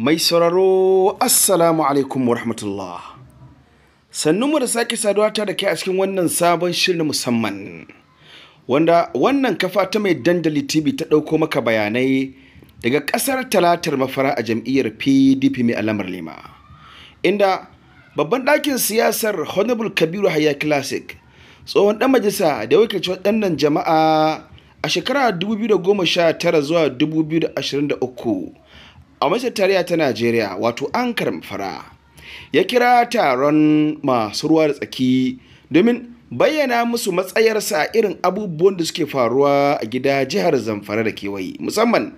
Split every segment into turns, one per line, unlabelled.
Mai sauraro Assalamu alaikum wa rahmatullah. Sannunmu da sake saduwa ta da ke a cikin wannan sabon shirin musamman. Wanda wannan kafa ta mai dandali TV ta ɗauko maka bayanai daga ƙasar talatar mafara a jam'iyyar PDP mai alamar lima. Inda babban ɗakin siyasar Honorable Kabiru Haya Classic tsohon ɗan majalisa da ya wakilci waɗannan jama'a a shekara 2019 zuwa 2023 a majalisar tarayya ta najeriya wato ankar Fara ya kira taron masu ruwa da tsaki domin bayyana musu matsayarsa a irin abubuwan da suke faruwa a gida jihar zamfara da kewaye musamman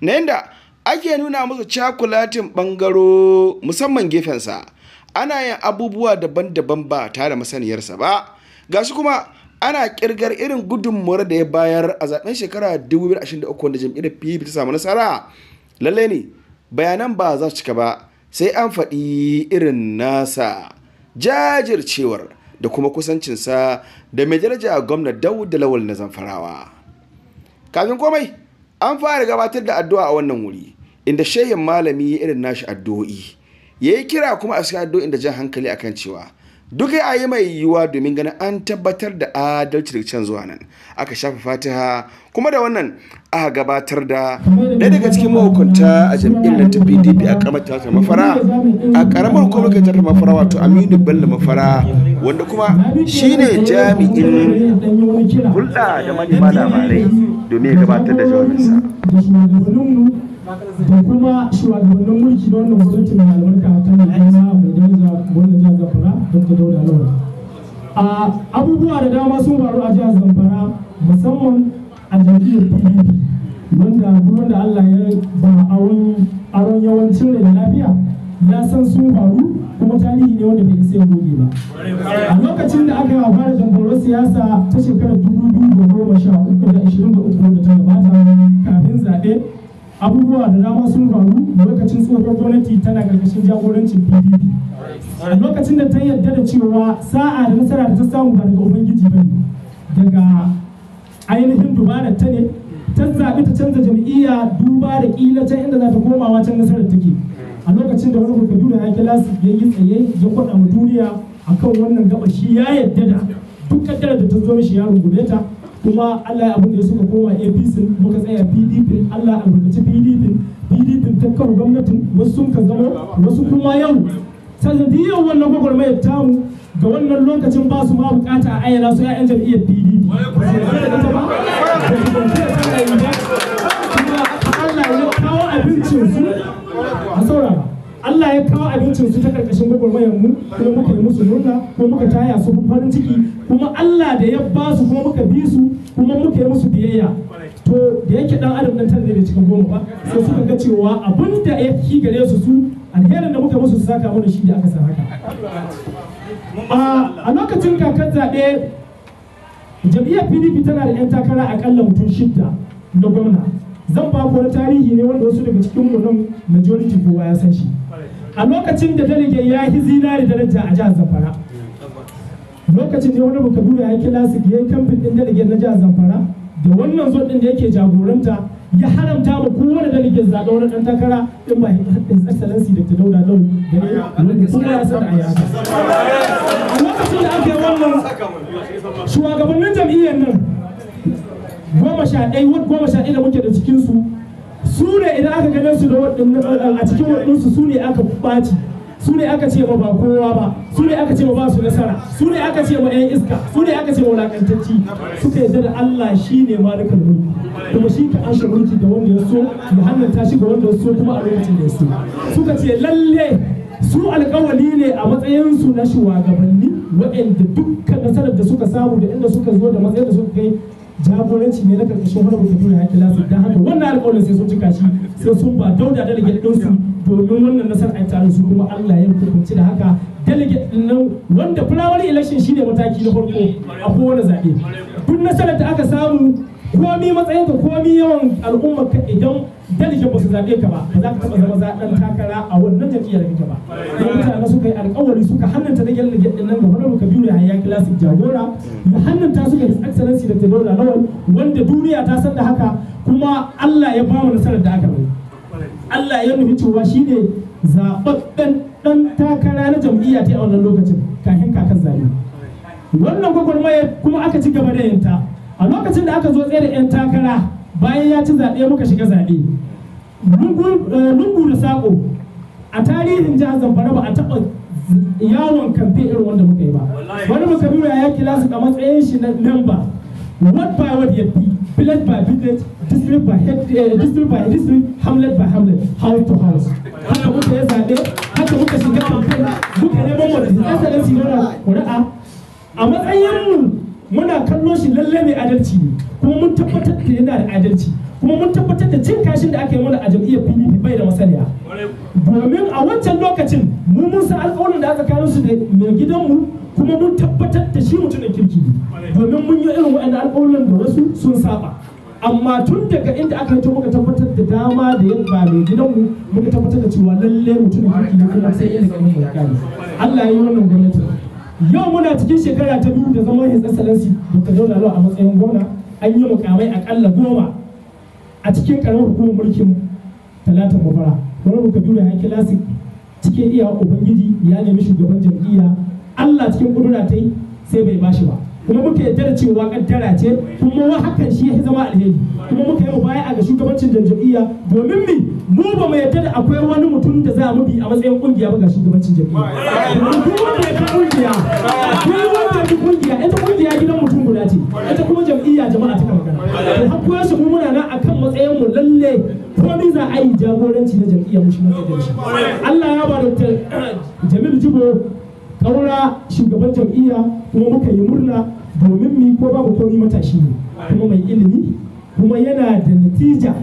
na yadda ake nuna musu cakulatin bangaro musamman gefensa ana yin abubuwa daban-daban ba tare da masaniyarsa ba ga su kuma ana kirgar irin gudunmuwar da ya bayar a zaben shekara 2023 wanda jam'iyyar pdp ta samu nasara lallai ne bayanan ba za su cika ba sai an faɗi irin nasa jajircewar da kuma kusancinsa da mai daraja gwamna da Lawal na Zamfarawa. Kafin komai an fara gabatar da addu'a a wannan wuri inda shehin malami irin nashi addu'o'i ya yi kira kuma a cikin addu'o'in da jan hankali akan cewa duk ya yi mai yiwuwa domin ganin an tabbatar da adalci daga can zuwa nan aka shafa fatiha kuma da wannan aka gabatar da ɗaya daga cikin mahukunta a jam'iyyar ta pdp a kamar ta mafara a karamar hukumar ta mafara wato aminu bello mafara wanda kuma shine jami'in hulɗa da manema labarai domin ya gabatar da jawabinsa
da kuma shugabannin mulki na wannan gwamnati mai albarka ta mai aina mai daraja gwamnan jihar zamfara dr dauda lawal abubuwa da dama sun faru a jihar zamfara musamman a jam'iyyar pdp wanda wanda allah ya ba aron yawancin da lafiya ya san sun faru kuma tarihi ne wanda bai isa ya goge ba a lokacin da aka fara jamhuriyar siyasa ta shekarar dubu biyu da goma sha uku da ashirin da uku da ta gabata kafin zaɓe abubuwa da dama sun faru lokacin tsohon gwamnati tana karkashin jagorancin pdp a lokacin da ta yarda da cewa sa'a da nasara da ta samu ba daga ubangiji ba ne daga ainihin dubara ta ne ta zaɓi ta canza jam'iyya duba da ƙila ta inda za ta komawa can nasarar take a lokacin da wani kuka da ya kira ya yi tsaye ya kwaɗa duniya kan wannan gaba shi ya yarda da duk kaddarar da ta zo mishi ya rungume ta kuma Allah ya abin suka koma APC muka tsaya PDP Allah albarkaci PDP PDP ta kawo gwamnatin wasu sun ka zama wasu kuma yau sanadiyar wannan gwagwarmayar tamu ga wannan lokacin ba su ma bukata a ayyana su 'ya'yan jam'iyyar PDP. Allah ya kawo abincin su Allah ya kawo abincin su ta karkashin gwagwarmayar mu kuma muka yi musu murna kuma muka taya su farin ciki kuma Allah da ya ba su kuma muka bi su kuma muka yi musu biyayya to da yake dan adam nan tare da cikin goma ba sai suka ga cewa abin da ya fi gare su su alherin da muka musu su saka mana shi da aka sa a lokacin kakar zaɓe jam'iyyar pdp tana da 'yan takara akalla mutum shidda na gwamna zan ba wani tarihi ne wanda wasu daga cikin mu nan majority kowa ya san shi a lokacin da dalige ya yi zinari daraja a jihar zamfara lokacin ne wani kabiru ya yi kilasik ya yi kamfin din dalige na jihar zamfara da wannan zo din da yake jagoranta ya haramta ma kowane dalige zaɓe wani ɗan takara in ba his excellency da ta dauda dau da ne kuma ya san a a lokacin da aka yi wannan shugabannin jam'iyyar nan goma sha ɗaya ward goma sha ɗaya da muke da cikinsu su ne idan aka ganin su eh, a cikin waɗansu su ne aka ɓaci su ne aka ce ma ba kowa ba su ne aka ce ma ba su nasara su ne aka ce ma 'yan iska su ne aka ce ma wulakantacci suka yarda da Allah shi ne malikan mulki kuma shi ka ashe mulki da wanda ya so ya hannanta shi ga wanda ya so kuma a lokacin da ya so suka ce lalle su alkawali ne a matsayinsu na shugabanni waɗanda dukkan nasarar da suka samu da inda suka zo da matsayin da suka kai jagoranci ne na karkashin wani rubutu ya kila su don haka wannan alƙawarin sai sun cika shi sai sun ba dauda delegate su domin wannan nasar a tare su kuma Allah ya hukunci da haka delegate ɗin nan wanda fulawar shi ne mataki na farko a kowane zaɓe duk nasarar da aka samu komi matsayin ka komi yawan al'umma ka idan dalilin ba su zaɓe ka ba ba za ka taɓa zama zaɓen takara a wannan jam'iyyar kake ba don mutane suka yi alƙawari suka hannanta da gyalle gyalle nan ga honorable kabiru ya classic jagora ya hannanta suka his excellency da tedola lawal wanda duniya ta san da haka kuma Allah ya bamu nasarar da aka bai Allah ya nufi cewa ne zaɓaɓɓen ɗan takara na jam'iyya ta a wannan lokacin kafin kakan zaɓe wannan gwagwarmaya kuma aka ci gaba da yinta a lokacin da aka zo tsere 'yan takara bayan ya ci zaɓe muka shiga zaɓe eh, lungu da saƙo a tarihin jihar zamfara ba a taɓa yawon kamfe irin wanda muka yi ba wani biyu ya kila su kamar matsayin shi na memba word by word ya fi village by village district by eh, district by district hamlet by hamlet house to house haka muka yi zaɓe haka muka shiga kamfe muka neman wata excellency na ƙuri'a a matsayin muna kallon shi lalle mai adalci ne kuma mun tabbatar da yana da adalci kuma mun tabbatar da cin kashin da aka yi mana a jam'iyyar PDP bai da masaniya domin a wancan lokacin mu mun san alƙawarin da aka kawo su da mai gidanmu kuma mun tabbatar da shi mutumin kirki ne domin mun yi irin waɗannan alƙawarin da wasu sun saba amma tun daga inda aka yi muka tabbatar da dama da yadda mai gidanmu muka tabbatar da cewa lalle mutumin kirki ne kuma sai ya zama mai Allah ya yi wannan gwamnati yau muna cikin shekara ta biyu da zaman his excellency dr john lalo a matsayin gwamna an yi mukamai akalla goma a cikin karamar hukumar mulkin talatin mafara wani muka biyu da ya kilasi cikin iya ubangiji ya nemi shugaban jam'iyya allah cikin kudura ta sai bai bashi ba kuma muka yarda da cewa kaddara ce kuma wa hakan shi ya zama alheri kuma muka yi baya a ga shugabancin jam'iyya domin mi mu ba mu yadda da akwai wani mutum da za mu bi a matsayin kungiya ba ga shugabancin jam'iyya duk wanda ya ka kungiya duk wanda ya kungiya ita kungiya gidan mutum guda ce ita kuma jam'iyya jama'a ta magana to har koyar su mu muna nan akan matsayin mu lalle komai za a yi jagoranci na jam'iyyar mu shi Allah ya ba da eh, Jamil Jibo kaura shugaban jam'iyya kuma muka yi murna domin mi ko babu komi matashi ne kuma mai ilimi kuma yana da natija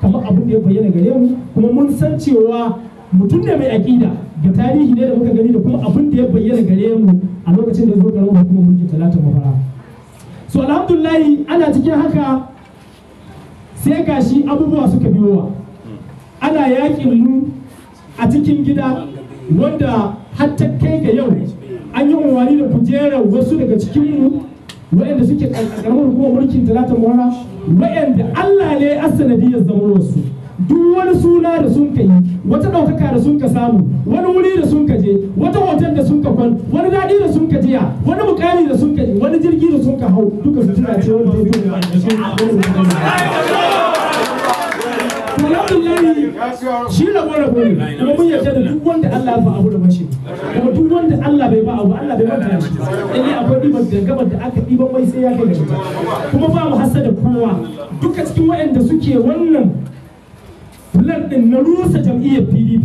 kamar abin da ya bayyana gare mu kuma mun san cewa mutum ne mai aƙida da tarihi ne da muka gani da kuma abin da ya bayyana gare mu a lokacin da zo garin hukumar mulki talata mafara so alhamdulillahi ana cikin haka sai shi abubuwa suka biyowa ana yakin mu a cikin gida wanda har ta kai ga yau an yi umarni da kujerar wasu daga cikin mu wa'anda suke ƙarƙarar hukumar mulkin da ta mora wa'anda Allah ne ya sanadiyar zamar wasu duk wani suna da sun ka yi wata ɗaukaka da sun ka samu wani wuri da sun ka je wata hoton da sun ka kwan wani daɗi da sun ka jiya wani mukami da sun ka yi wani jirgi da sun ka hau duka su tuna ce wani jirgi da sun ka hau alhamdulillah shi na rabo ne kuma mun yarda da duk wanda Allah ba abu da mashi kuma duk wanda Allah bai ba abu Allah bai manta shi in akwai diban gangaban da aka diban mai sai ya kai da kuma ba mu hasada kowa duka cikin waɗanda suke wannan plan ɗin na rusa jam'iyyar PDP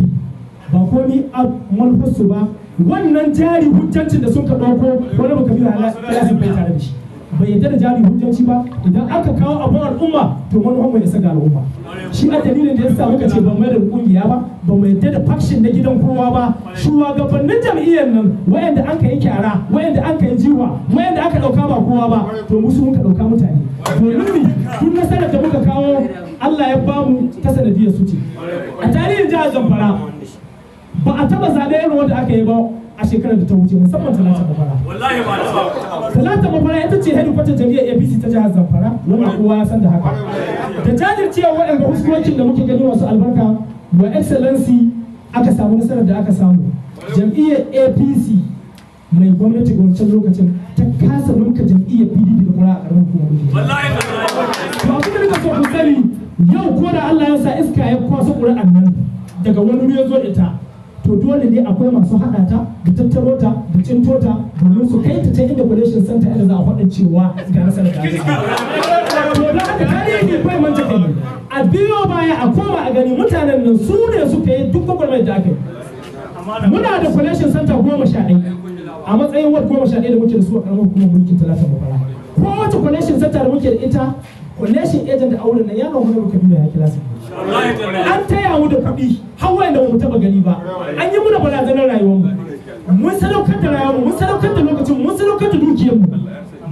ba komi a manufarsu ba wannan jari hujjancin da sun ka ɗauko wani baka biyu halasin bai tare da shi bai yadda da jari hujjanci ba idan aka kawo abin al'umma to manufa mai isa ga al'umma shi a dalilin da ya sa muka ce ba mai da kungiya ba ba mai yadda da faction na gidan kowa ba Shuwa shugabannin jam'iyyar nan wayanda an yi kyara wayanda an kai jiwa wayanda aka dauka ba kowa ba to musu muka dauka mutane to ni duk nasarar da muka kawo Allah ya bamu ta sanadiyar su ce a tarihin jihar Zamfara ba a taba zaɓe irin wanda aka yi ba a shekarar da ta wuce musamman talata mafara talata mafara ita ce kwata jami'ar apc ta jihar zamfara wanda kowa ya san da haka da jajircewa waɗanda huskokin da muke gani wasu albarka wa excellency aka samu nasarar da aka samu jam'iyyar apc mai gwamnati wancan lokacin ta kasa nuka jam'iyyar pdp da kura a ƙarfin kuma wallahi ba yau ko da Allah ya sa iska ya kwaso ƙura'an nan daga wani ya zo ita to dole ne akwai masu haɗa ta da tattaro ta da cinto ta domin su kai ta ta inda Pollution Center yadda za a faɗa cewa ga nasarar da To da haka tarihi kai a biyo baya a koma a gani mutanen nan su ne suka yi duk gwagwarmayar da aka yi.
Muna da Pollution santa
goma sha ɗaya a matsayin ward goma sha ɗaya da muke da su a ƙaramar hukumar mulkin talata mafara. Kowace Pollution santa da muke da ita relation agent auren nan ya nan hudu baka biya ya kira su an taya mu da kuɗi har wanda mu taɓa gani ba an yi muna barazanar rayuwar mu mun sadaukar da rayuwar mu mun sadaukar da lokacin mun sadaukar da dukiyar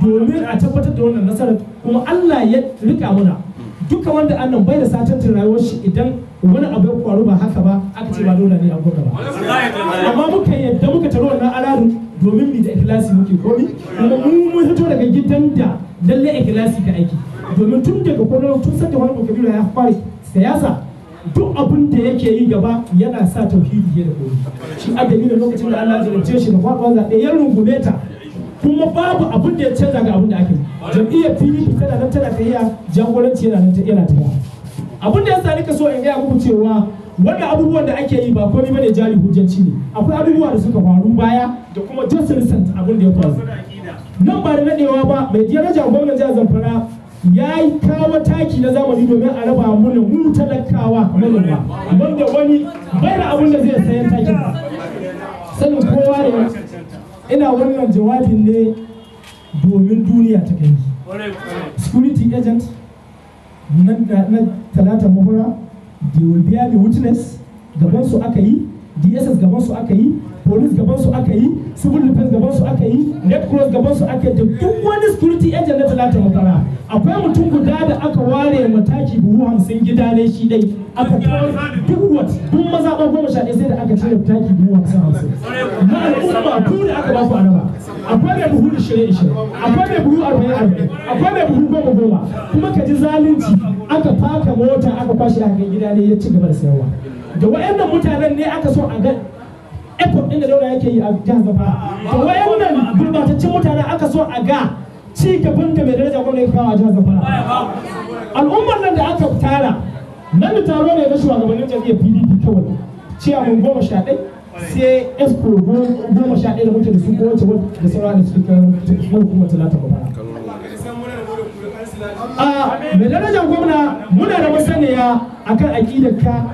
mu domin a tabbatar da wannan nasarar kuma Allah ya rika mana duka wanda annan bai da satantar rayuwar shi idan wani abu ya faru ba haka ba aka ce ba dole ne a gobe ba amma muka yadda muka taro wannan aladu domin bi da ikhlasi muke komi kuma mun fito daga gidan da lalle ikhlasi ka aiki domin tun daga kwanar tun san da wani kabila ya fara siyasa duk abin da yake yi gaba yana sa tauhidi ya da koyi shi adami da lokacin da Allah ya zalunce shi da faɗuwa zaɓe ya rungume ta kuma babu abin da ya canza ga abin da ake jam'iyyar pdp tana nan tana tafiya jagoranci yana nan yana tafiya abin da ya sa nika so in gaya muku cewa wannan abubuwan da ake yi ba komai bane jari hujjanci ne akwai abubuwa da suka faru baya da kuma just recent abin da ya faru nan ba da nadewa ba mai daraja jagoran jihar zamfara ya yi kawo taki na zamani domin a raba mana mu talakawa manoma wanda wani bai da abin da zai sayan takin
sanin kowa ne
ina wannan jawabin ne domin duniya ta kai security agent na talata mahura da will be the witness gaban su aka yi dss gaban su aka yi police gaban su aka yi civil defense gaban su aka yi red cross gaban su aka yi duk wani security agent na talata makara akwai mutum guda da aka ware mataki buhu hamsin gida ne shi dai aka kawar duk wat duk maza ba goma sha sai da aka cire mataki buhu hamsin hamsin na al'umma duk da aka ba su araba akwai mai buhu da shirye shirye akwai mai buhu arba'in arba'in akwai mai buhu goma goma kuma ka ji zalunci aka faka mota aka kwashe aka gida ne ya ci gaba da sayarwa da wa'annan mutanen ne aka so a ga effort ɗin da daura yake yi a jihar Zamfara to wayannan gurbataccen mutane aka so a ga ci gaban da mai daraja gwamnati ya kawo a jihar Zamfara al'ummar nan da aka tara nan da taro ne na shugabannin jam'iyyar PDP kawai a ciyaman goma sha ɗaya sai esco goma sha ɗaya da mutum da su kowace da saura da suka kuma kuma talata mafara. A ah, mai darajar gwamna muna da masaniya akan aƙidar ka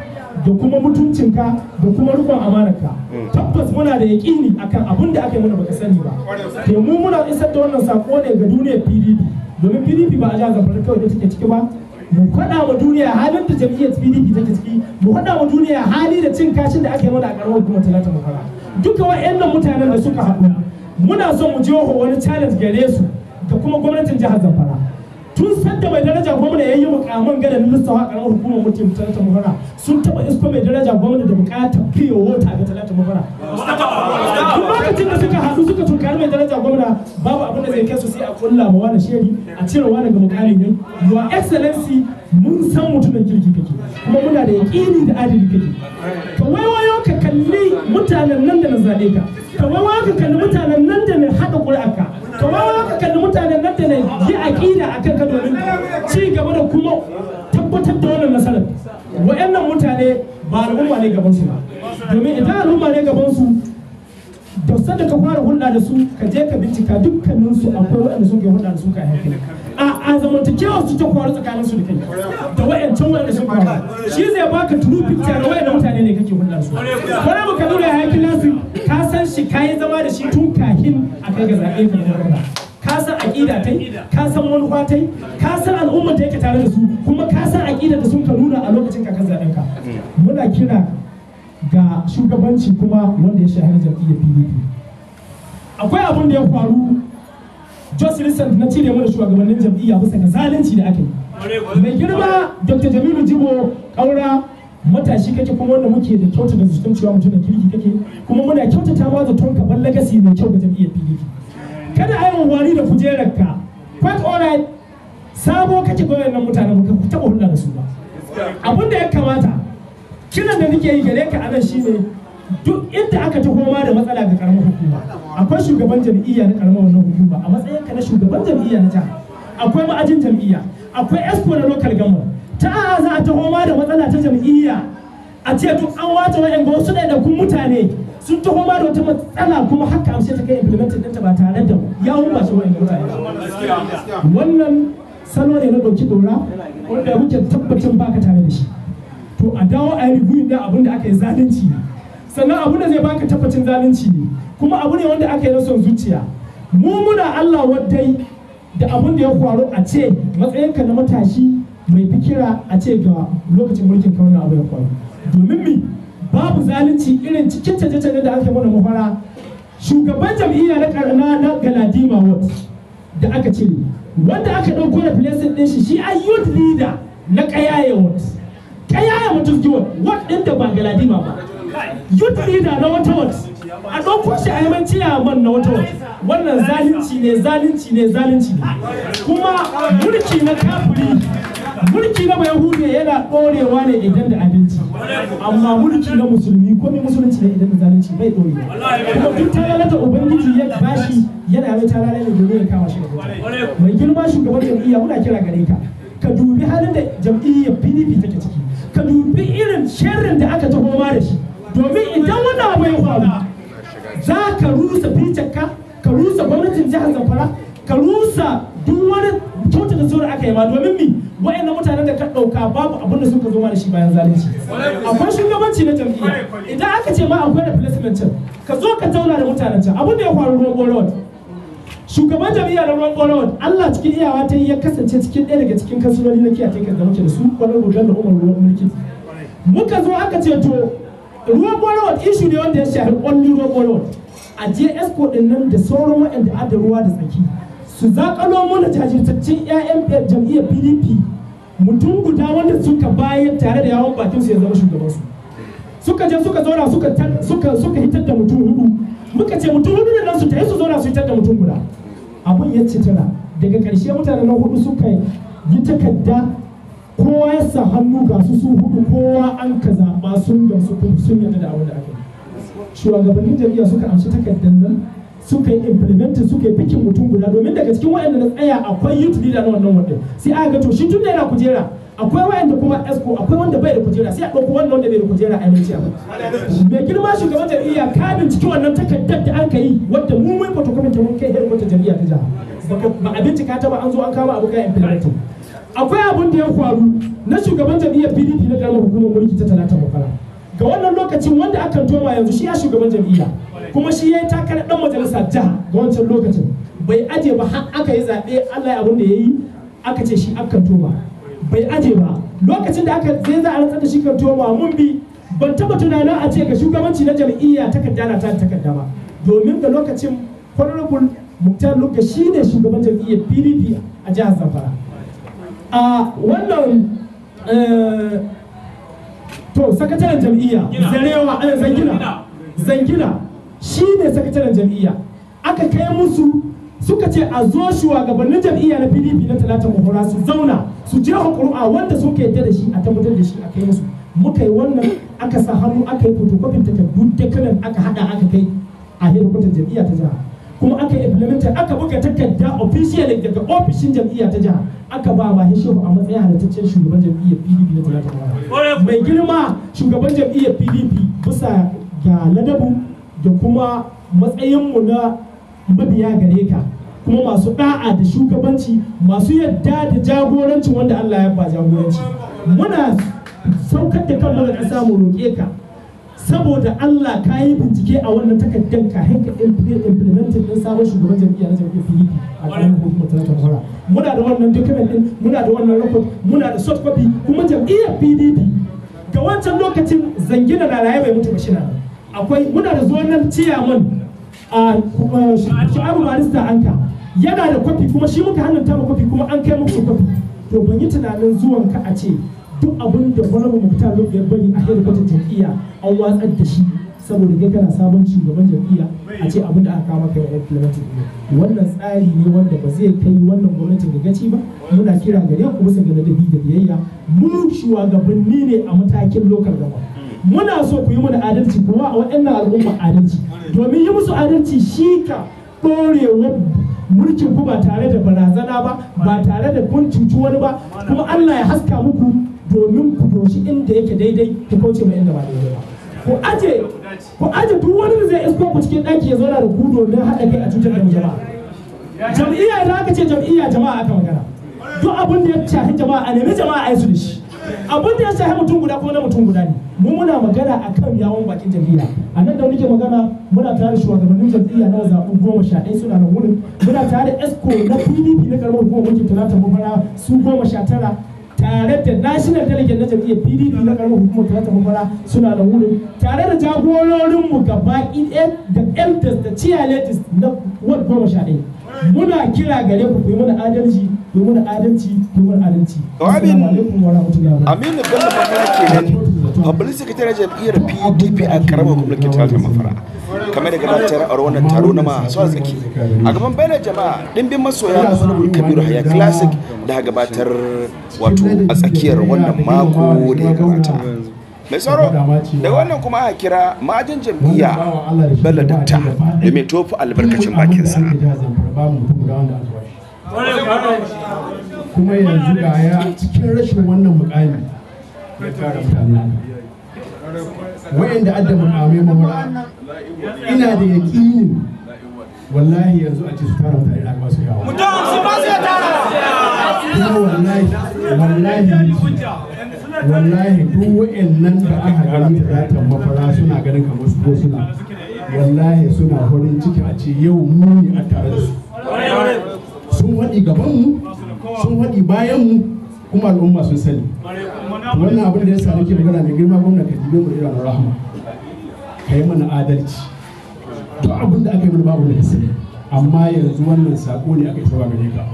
da kuma mutuncinka da kuma rikon amanarka mm. tabbas muna da yaƙini akan abin da aka yi mana baka sani ba to mu muna isar da wannan sako ne ga duniyar PDP domin PDP ba a ja zamfara kawai da take ciki ba mu faɗa wa duniya halin da jam'iyyar PDP take ciki mu faɗa wa duniya hali da cin kashin da aka yi mana a ƙaramar hukumar talata fara. duka wa'annan mutanen da suka haɗu muna son mu ho wani challenge gare su da kuma gwamnatin jihar zamfara tun sanda mai daraja gwamna ya yi ga gada ministan a karamar hukumar mutum talata mafara, sun taba isko mai daraja gwamna da bukatar fiye wata ga talata mafara. duk lokacin da suka haɗu suka tunkari mai daraja gwamna babu abin da zai kai su sai a kulla ma wani sheri a cirewa daga mukami ne your excellency mun san mutumin kirki kake kuma muna da yaƙini da adali kake ka waiwayo ka kalli mutanen nan da na zaɓe ka ka waiwayo ka kalli mutanen nan da na haɗa ka. kamar ka kalli mutanen nan da yi aƙida a kanka domin ci gaba da kuma tabbatar da wannan nasarar wa'annan mutane ba al'umma ne gaban su ba domin idan al'umma ne gaban su da sanda ka fara hulɗa da su ka je ka bincika dukkanin su akwai waɗanda sun ke hulɗa da su ka haifi a a zamantakewa su ta faru tsakanin su da kai da wayancan waɗanda sun faru shi zai baka turu picture da wayanda mutane ne kake hulɗa da su wani mu ka nuna hayakin nasu ka san shi ka yi zama da shi tun kahin a kai ga zaɓe ka nuna ka san aƙida ta ka san manufa ta ka san al'ummar da yake tare da su kuma ka san aƙida da sun ka nuna a lokacin kakan zaɓen ka muna kira ga shugabanci kuma wanda ya shahara jam'iyyar pdp akwai abin da ya faru jos recent na cire mana shugabannin jam'iyya bisa ga zalunci da ake
yi mai girma
dr jamilu jibo kaura matashi kake kuma wanda muke da kyauta da zuciyar cewa mutum da kirki kake kuma muna kyautata ma zaton ka ban lagasi mai kyau ga jam'iyyar pdp kada a yi wani da ka quite right sabo kake ga wayannan mutanen ka taɓa hulɗa da su ba abin da ya kamata kiran da nake yi gare ka anan shine duk inda aka ta koma da matsala ga karamar hukuma akwai shugaban jam'iyya na karamar wannan hukuma a matsayin ka na shugaban jam'iyya na jiha akwai ma'ajin jam'iyya akwai esco na local government ta a za a ta koma da matsala ta jam'iyya a ce duk an wata wa'in ga wasu kun mutane sun ta koma da wata matsala kuma haka amshe ta kai implementin ɗinta ba tare da ya ba shi wa'yan mutane wannan salo ne na ɗauki ɗora wanda muke tabbatin baka tare da shi to a dawo a yi reviewing da abin da aka yi zalunci sannan abun da zai baka tabbacin zalunci ne kuma abu ne wanda aka yi rason zuciya mu muna Allah waddai da abun da ya faru a ce matsayinka na matashi mai fikira a ce ga lokacin mulkin kauna abu ya faru domin mi babu zalunci irin cikin caje canje da aka yi mana mafara shugaban jam'iyya na karna na galadima Wat da aka ce wanda aka ɗauko da filesin ɗin shi shi a youth leader na kayaye wat that notice given waɗanda ba galadima ba youth leader na wata wata a ɗauko shi a yaman ciyaman na wata wata wannan zalunci ne zalunci ne zalunci ne kuma mulki na kafiri mulki na bayahudiya yana ɗorewa ne idan da abinci amma mulki na musulmi ko mai musulunci ne idan da zalunci bai ɗorewa kuma duk ta talalata ubangiji ya bashi yana mai ta ne domin ya kama shi da mai girma shugaban jam'iyya muna kira gare ka ka dubi halin da jam'iyyar pdp take ciki ka dubi irin sharrin da aka taho ma da shi domin idan wannan abu ya faru za ka rusa fitarka ka rusa gwamnatin jihar zamfara ka rusa duk wani kyautar da sauran aka yi ma domin mi wa'annan mutanen da ka ɗauka babu abin da suka zo ma da shi bayan zalunci akwai shugabanci na jam'iyya idan aka ce ma akwai replacement ka zo ka tauna da mutanen can abin da ya faru ruwan road shugaban jami'a na ruwan kwalon Allah cikin iyawa ta yi ya kasance cikin ɗaya daga cikin kansuloli na kiyaye kan da da su kwanan rugan da umar ruwan mulki muka zo aka ce to ruwan kwalon ishu ne wanda ya shahar kwallon ruwan kwalon a je esco din nan da sauran waɗanda adda ruwa da tsaki su zaƙalo mana jajirtaccen 'ya'yan jam'iyyar pdp mutum guda wanda suka bayar tare da yawon bakin su ya zama shugaban su. suka je suka zauna suka suka suka hitar da mutum hudu muka ce mutum hudu nan su tayi su zauna su hitar da mutum guda abun ya ci tana daga karshe mutanen nan hudu suka yi takarda kowa ya sa hannu ga su su hudu kowa an ka zaba sun gamsu sun yadda da abin da aka shugabannin jami'a suka amshi takardar nan suka yi implement suka yi bikin mutum guda domin daga cikin waɗanda na tsaya akwai youth leader na wannan wadda sai aka ga to shi tun da yana kujera akwai wayanda kuma esko akwai wanda bai da kujera sai a ɗauko wannan wanda bai da kujera a yanci mai girma shugaban jam'iyya ka binciki wannan takardar da an yi wadda mu mun fotokomin ta mun kai irin wata jam'iyya ta jiha ba a bincika ta ba an zo an kama abu kayan filaito akwai abin da ya faru na shugaban jam'iyyar pdp na karamar hukumar mulki ta talata mafara ga wannan lokacin wanda aka toma yanzu shi ya shugaban jam'iyya kuma shi ya yi takarar dan majalisa jaha ga wancan lokacin bai aje ba har aka yi zaɓe allah ya abun da ya yi aka ce shi akan toma bai aje ba lokacin da aka zai za a rantsar da shi kan tuwo mun bi ban taba tunanin a ce ga shugabanci na jam'iyya ta na ta takarda ba domin da lokacin honorable muktar luka shi ne shugaban jam'iyyar pdp a jihar zamfara a wannan eh, to sakataren jam'iyya zarewa eh, zangina zangina shi ne sakataren jam'iyya aka kai musu suka ce a zo shugabannin jam'iyya na pdp na talatin muhura su zauna su je a wanda suka yadda da shi a tabbatar da shi a kai musu muka yi wannan aka sa hannu aka yi fotokofin takardu dukkanin aka hada aka kai a hedikwatar jam'iyya ta jiha kuma aka implementa aka buga takarda official daga ofishin jam'iyya ta jiha aka ba ba shehu a matsayin halittaccen shugaban jam'iyyar pdp na talatin muhura mai girma shugaban jam'iyyar pdp bisa ga ladabu da kuma matsayinmu na mabiya gare ka kuma masu da'a da shugabanci masu yadda da jagoranci wanda Allah ya ba jagoranci muna saukar da kanmu da ƙasa mu roƙe ka saboda Allah ka yi bincike a wannan takardar ka hanka implementing din sabon shugaban jam'iyyar na jam'iyyar PDP a ƙaramin hukumar ta hora muna da wannan document din muna da wannan report muna da soft copy kuma jam'iyyar PDP ga wancan lokacin zangina na raye bai mutu ba shi na akwai muna da nan ciyaman shi'aru barista anka yana da kwafi kuma shi muka hannunta ma kwafi kuma an kai muku kwafi to ban yi tunanin zuwan ka a ce duk abin da gwamnati muktar lobe ya bari a hedikwatar jam'iyya an watsar da shi saboda kai kana sabon shugaban jam'iyya a ce abin da aka kama kai wa implementing wannan tsari ne wanda ba zai kai wannan gwamnatin da gaci ba muna kira gare ku bisa ga ladabi da biyayya mu shugabanni ne a matakin lokal gaba muna so ku yi mana adalci kuma a waɗannan al'umma adalci domin yi musu adalci shi ka ɗorewa mulkin ku ba tare da barazana ba ba tare da kun cuci wani ba kuma Allah ya haska muku domin ku doshi inda yake daidai ku kauce mai inda ba daidai ba ku aje ku aje duk wani da zai isko ku cikin ɗaki ya zauna da ku domin haɗa kai a cutar da jama'a jam'iyya idan aka ce jam'iyya jama'a aka magana duk abin da ya shafi jama'a a nemi jama'a a yi su da shi abin da ya sa mutum guda ko na mutum guda ne mu muna magana akan yawon bakin jam'iyya a nan da nake magana muna tare da shugabannin jam'iyya na zaɓen goma sha ɗaya suna nan wurin muna tare da esco na pdp na karɓar goma wajen talata mafara su goma sha tara tare da national delegate na jam'iyyar pdp na karamar hukumar talata mafara suna nan wurin tare da jagororinmu gaba ɗaya da elders da cheerleaders na ward goma sha ɗaya muna kira gare ku yi mana adalci ku yi mana adalci ku yi mana
adalci assalamu aminu bello mafara kenan babban sakataren jam'iyyar pdp a karamar ta tarayyar mafara kamar da gabatar a wannan taro na masu tsaki a gaban bayanan jama'a dimbin masoya na sanarwar kabiru haya classic da gabatar wato a tsakiyar wannan mako da ya gabata mai tsaro da wannan kuma a kira majin jam'iyya bala datta da mai tofa albarkacin bakinsa kuma yanzu ga
ya cikin rashin wannan mukami ya kara mutane wa'anda adda mukamai mawara ina da yaƙini wallahi yanzu a ce su tara mutane da ba su yawa mutum
su ba su ya tara
wallahi wallahi wallahi duk wayannan da aka gani da mafara suna ganin kamar su suna wallahi suna horin ciki a ce yau mu ne a tare su sun waɗi gaban mu sun waɗi bayan mu kuma al'umma sun sani wannan abin da ya sa ke magana mai girma gwamna ka dibe mu irin rahama ka yi mana adalci to abin da aka yi mana babu da sani amma yanzu wannan sako ne aka yi ba gare ka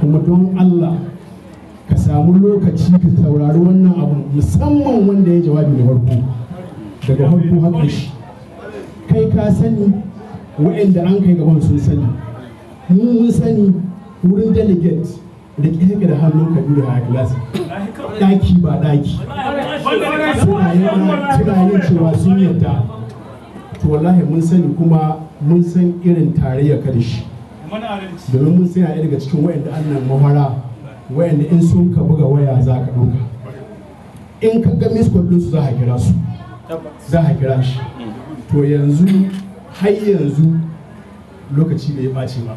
kuma don Allah ka samu lokaci ka saurari wannan abu musamman wanda ya jawabi da farko daga farko haka shi kai ka sani wa'anda an kai gaban sun sani mun mun sani wurin delegate da kirkir da hannun kabiru a class daki ba daki suna cewa sun yadda to wallahi mun sani kuma mun san irin tarayya ka shi domin mun sani a daga cikin wa'anda annan mahara da in sun ka buga waya za ka ɗauka in ka ga miss su za ka kira su za ka kira shi to yanzu har yanzu lokaci bai ɓaci ba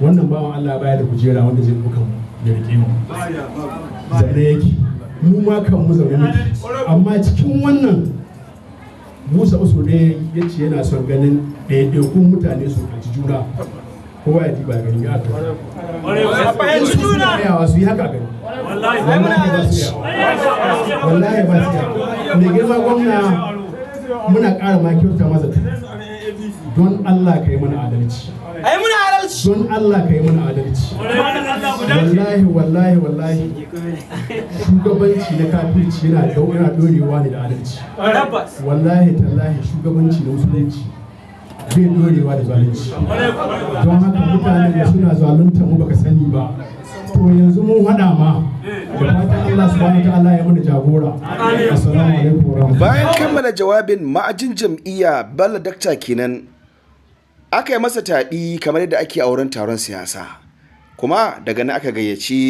wannan bawan Allah baya da kujera wanda zai buga mu da rike mu zaune yake mu ma kan mu zaune muke amma cikin wannan Musa Usman ya yace yana son ganin ɗaiɗaikun mutane su kaci juna kowa ya diba gani ya to fahimci yi haka gani wallahi ba su yawa mai girma gwamna muna ƙara ma kyauta maza don Allah ka yi mana adalci don Allah ka yi mana adalci wallahi wallahi wallahi shugabanci na kafirci yana dorewa ne da adalci wallahi tallahi shugabanci na musulunci bai dorewa da zalunci don haka mutane da suna zalunta mu baka sani ba to yanzu mun hada ma
da jagora. ya bayan kammala jawabin ma'ajin jam'iyya bala dakta kenan aka yi masa taɗi kamar yadda ake a wurin taron siyasa kuma daga nan aka gayyaci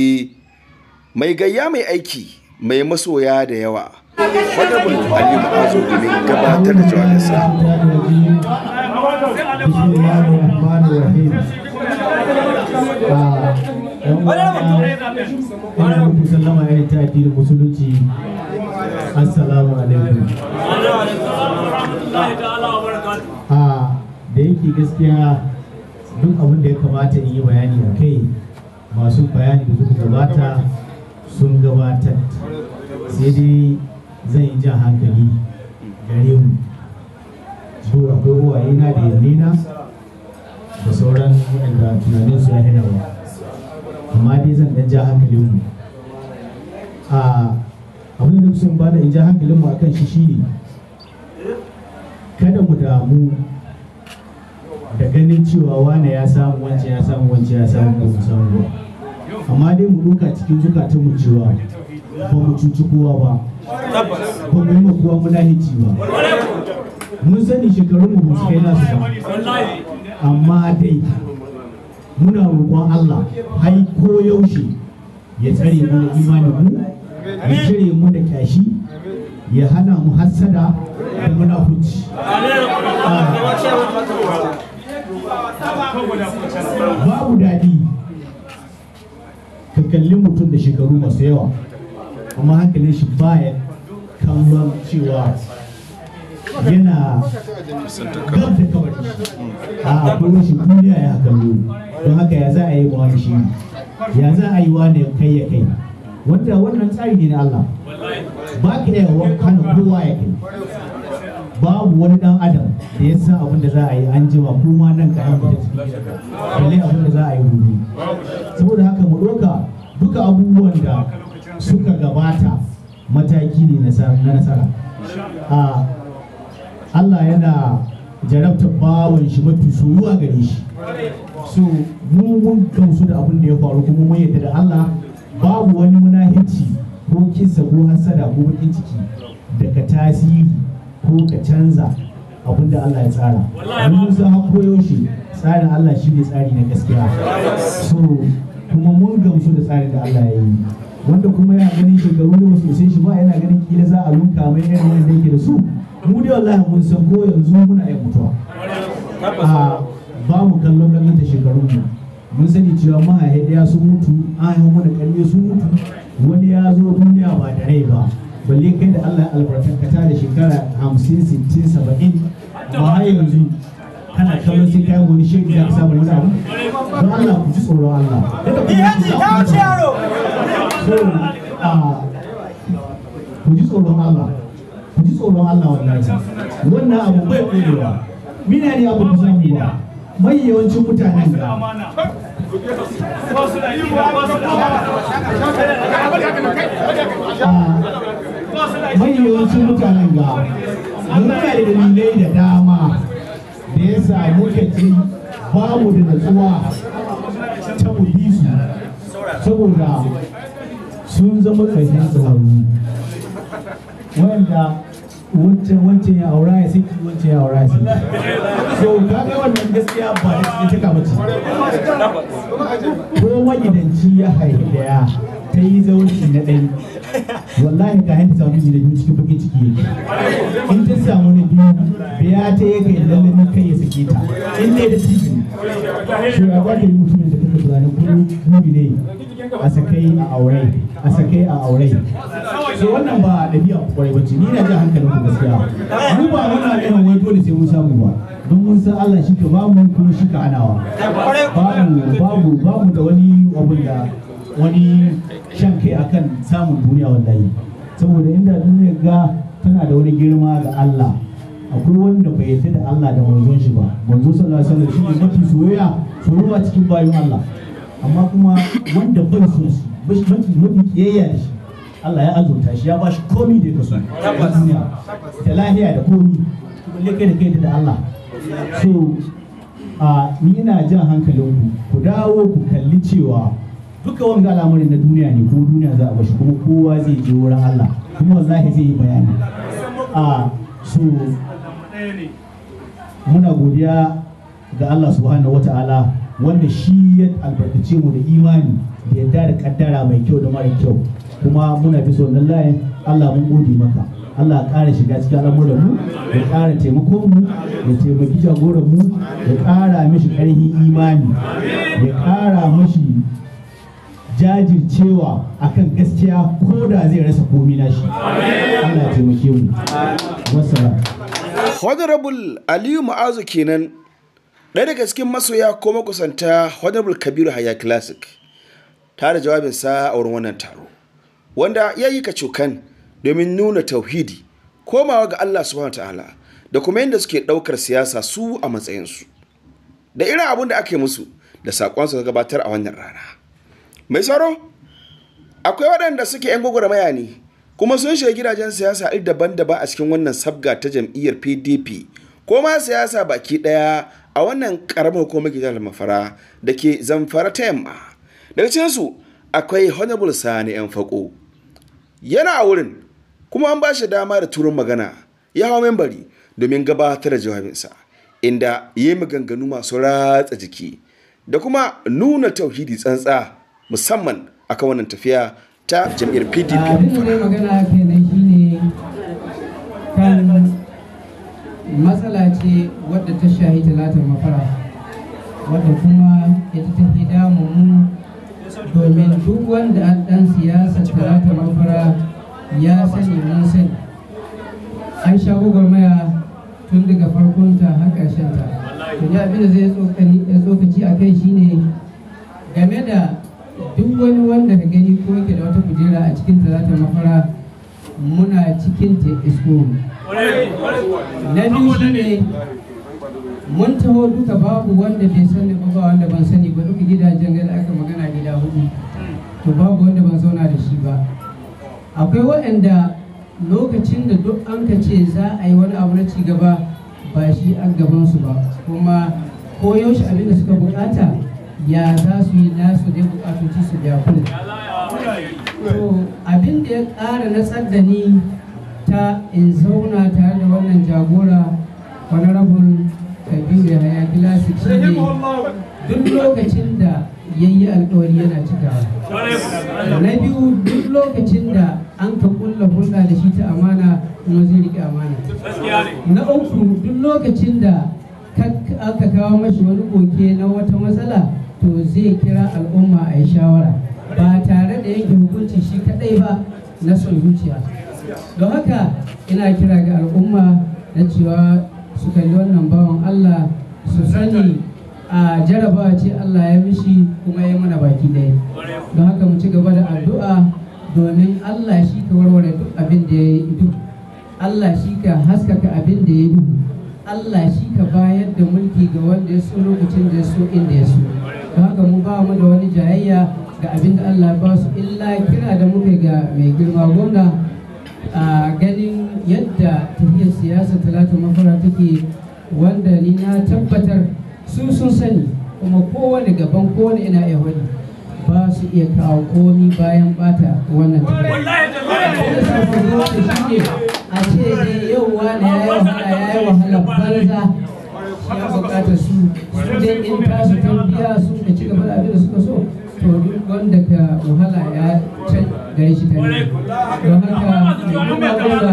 mai gayya mai aiki mai masoya da yawa
wadda aliyu ma'azo
domin gabatar da
jawabinsa
الله الرحمن الرحيم ina muku sallama ya ta addinin musulunci assalamu alaikum ah, da yake gaskiya duk abin da ya kamata in yi bayani a kai masu bayani da suka gabata sun gabatar sai dai zan yi jan hankali gare mu na da yannina da sauran waɗanda tunanin su ya ba amma dai zan ɗan ja hankalinmu a abin da sun bada in ja hankalinmu akan shi shi ne. kada mu damu da ganin cewa wane ya samu wancan ya samu wancan ya samu ko mu samu ba amma dai mu ɗauka cikin zukatun mu cewa ba mu cuci kowa ba ba mu yi ma kowa munahici ba mun sani shekarun mu ba su kai nasu ba amma dai muna roƙon Allah hai ko yaushe ya tsare mana imanin mu ya cire mu da kyashi ya hana mu hassada da huci.
babu daɗi
ka kalli mutum da shekaru masu yawa amma hankalin shi baya kallon cewa yana gab da kabari a akwai shi duniya ya kallo don haka ya za a yi wani shi ya za a yi wani kai ya kai wanda wannan tsari ne na Allah ba ki da yawan kano kowa ya kai babu wani dan adam da ya san abin da za a yi an jima kuma nan ka yanku da cikin balle abin da za a yi gobe saboda haka mu ɗauka duka abubuwan da suka gabata mataki ne na nasara a Allah yana jarabta bawan shi mafi soyuwa gare shi so mu mun gamsu da abin da ya faru kuma mun yadda da Allah babu wani munahici ko kisa ko hasada ko bakin ciki daga tasiri ko ka canza abin da Allah ya tsara mun san ha koyo tsarin Allah shi ne tsari na gaskiya so kuma mun gamsu da tsarin da Allah ya yi wanda kuma yana ganin shekaru da sosai shi ba yana ganin kila za a lunka mai yana da yake da su mu dai wallahi mun san ko yanzu muna yin mutuwa ah, ba mu kallon kallon ta shekarun mu mun sani cewa mahaifai daya sun mutu an haihu mana karni sun mutu wani ya zo duniya ba da rai ba balle kai da Allah ta da shekara hamsin 60 70 ba har yanzu kana kallon sai kayan wani shekaru za ka samu wani don Allah ku ji tsoron Allah ah, ku ji tsoron Allah ku ji tsoron Allah wallahi wannan abu bai koyewa mina ne abu da zamu ba mai yawancin mutanen ga ah, mai yawancin mutanen ga muna da dalilai da dama da ya samu kaji babu da natsuwa ta mu su saboda sun zama kajin tsararru wanda wancan wancan ya aura ya saki wancan ya aura ya saki so ka ga wannan gaskiya ba da cikin taka mace ko magidanci ya da ya ta yi zaunci na ɗai wallahi ga hanta samu ji da biyu cikin bakin ciki yake in ta samu ne biyu biya ta yake lalle na kai ya sake ta in ne da ciki ne shugaba ta yi mutumin da ta tabbata na kullum ne a sakai a aure a sakai a aure so wannan ba ɗabi'a kwarai bacci ni na ji hankalin ku gaskiya mu ba muna irin wai dole sai mun samu ba don mun san Allah shi ka bamu kuma shi ka anawa babu babu babu da wani abun da wani shan kai akan samun duniya wallahi saboda inda duniya ga tana da wani girma ga Allah akwai wanda bai yarda da Allah da manzon shi ba manzo sallallahu alaihi wasallam shi ne mafi soyayya soyayya cikin bayan Allah amma kuma wanda bai so su mafi mafi kiyayya da shi Allah ya azurta shi ya ba shi komi da ya kaso da lahiya da komi kuma kai da kai da Allah so a ni ina jan hankalin ku ku dawo ku kalli cewa duka wanga al'amarin na duniya ne ko duniya za a bashi kuma kowa zai je wurin Allah kuma wallahi zai yi bayani a so muna godiya ga Allah subhanahu wata'ala wanda shi ya albarkace mu da imani da yadda da kaddara mai kyau da mara kyau kuma muna fi sonan layin Allah mun gode maka Allah ƙara shiga cikin al'amuran mu ya ƙara taimakon mu ya taimaki jagoran mu ya ƙara mishi ƙarfin imani ya ƙara mishi jajircewa akan gaskiya ko da zai rasa komi na shi Allah ya taimake mu wassalamu
Honorable Aliyu Ma'azu kenan ɗaya daga cikin masoya ko makusanta honorable kabiru haya classic ta da jawabinsa a wurin wannan taro wanda ya yi kacokan domin nuna tauhidi komawa ga allah subhanahu ta'ala da kuma yadda suke ɗaukar siyasa su a matsayinsu da irin abun da ake musu da su gabatar a wannan rana mai tsaro akwai waɗanda suke 'yan gwagwarmaya ne kuma sun shiga gidajen siyasa iri daban-daban a cikin wannan sabga ta jam'iyyar pdp ko ma siyasa baki ɗaya a wannan karamar hukumar gidan mafara da ke zamfara ta yamma daga cikinsu akwai honorable sani yan fako yana a wurin kuma an ba shi dama da turun magana ya hau membari domin gabatar da jawabinsa inda ya yi maganganu masu ratsa jiki da kuma nuna tauhidi tsantsa musamman akan wannan tafiya ta jam'iyyar pdp
matsala ce wadda ta shahi talatar mafara wadda kuma ita ta fi mu domin duk wanda an dan siyasa talatar mafara ya sani mun sani an sha gwagwarmaya tun daga farkonta har ƙarshenta to ya abin da zai tsokaci a kai shine game da duk wani wanda ka gani ko yake da wata kujera a cikin talatar mafara muna cikin ta isko
na biyu shi ne
mun taho duka babu wanda bai sani ba ba wanda ban sani ba duka gidajen gada aka magana gida hudu to babu wanda ban zauna da shi ba akwai waɗanda lokacin da duk an ka ce za a yi wani abu na cigaba ba shi an gabansu ba kuma ko yaushe abin da suka bukata ya za su yi nasu dai bukatoci su biya kuma to abin da ya ƙara na da ni ta in zauna tare da wannan jagora honorable kabiru ya haya gilasi shi ne duk lokacin da ya yi alkawari yana cikawa na biyu duk lokacin da an ka kulla hulɗa da shi ta amana kuma zai riƙe amana na uku duk lokacin da aka kawo mashi wani koke na wata matsala to zai kira al'umma a yi shawara ba tare da yanke hukunci shi kadai ba na son zuciya don haka ina kira ga al'umma na cewa su kalli wannan bawan allah su sani a jarabawa ce allah ya mishi kuma ya mana baki ɗaya don haka mu ci gaba da addu'a domin allah shi ka warware duk abin da ya yi duk allah shi ka haskaka abin da ya yi allah shi ka bayar da mulki ga wanda ya so lokacin da ya so inda ya so don haka mu ba mu da wani jayayya ga abin da Allah ba su illa kira da muka ga mai girma gwamna a ganin yadda tafiyar siyasa talata mafara take wanda ni na tabbatar su sun sani kuma kowane gaban kowane ina iya wani ba su iya kawo komi bayan bata wannan a ce ne yau wani ya yi wahala ya yi wahala banza ya bukata su su dai in tasu tambiya su da ci gaba da abin da suka so to duk wanda ta wahala ya gare shi ta ne don haka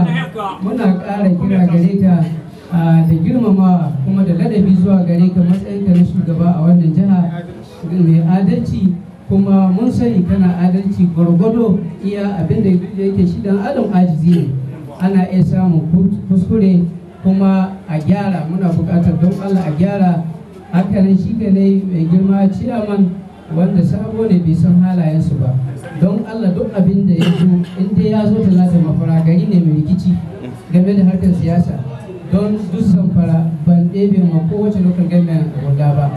muna ƙara kira gare ta da girmama kuma da ladabi zuwa gare ka matsayinka na shugaba a wannan jiha mai adalci kuma mun sani kana adalci gwargwado iya abinda yake shi dan adam ajizi ne ana iya samun kuskure kuma a gyara muna buƙatar don allah a gyara hakanan shi ne mai girma ciyaman wanda sabo ne bai san halayen su ba don allah duk abin da ya zo in dai ya zo talata mafara gari ne mai rikici game da harkar siyasa don duk samfara ban ɗebe ma kowace lokacin da guda ba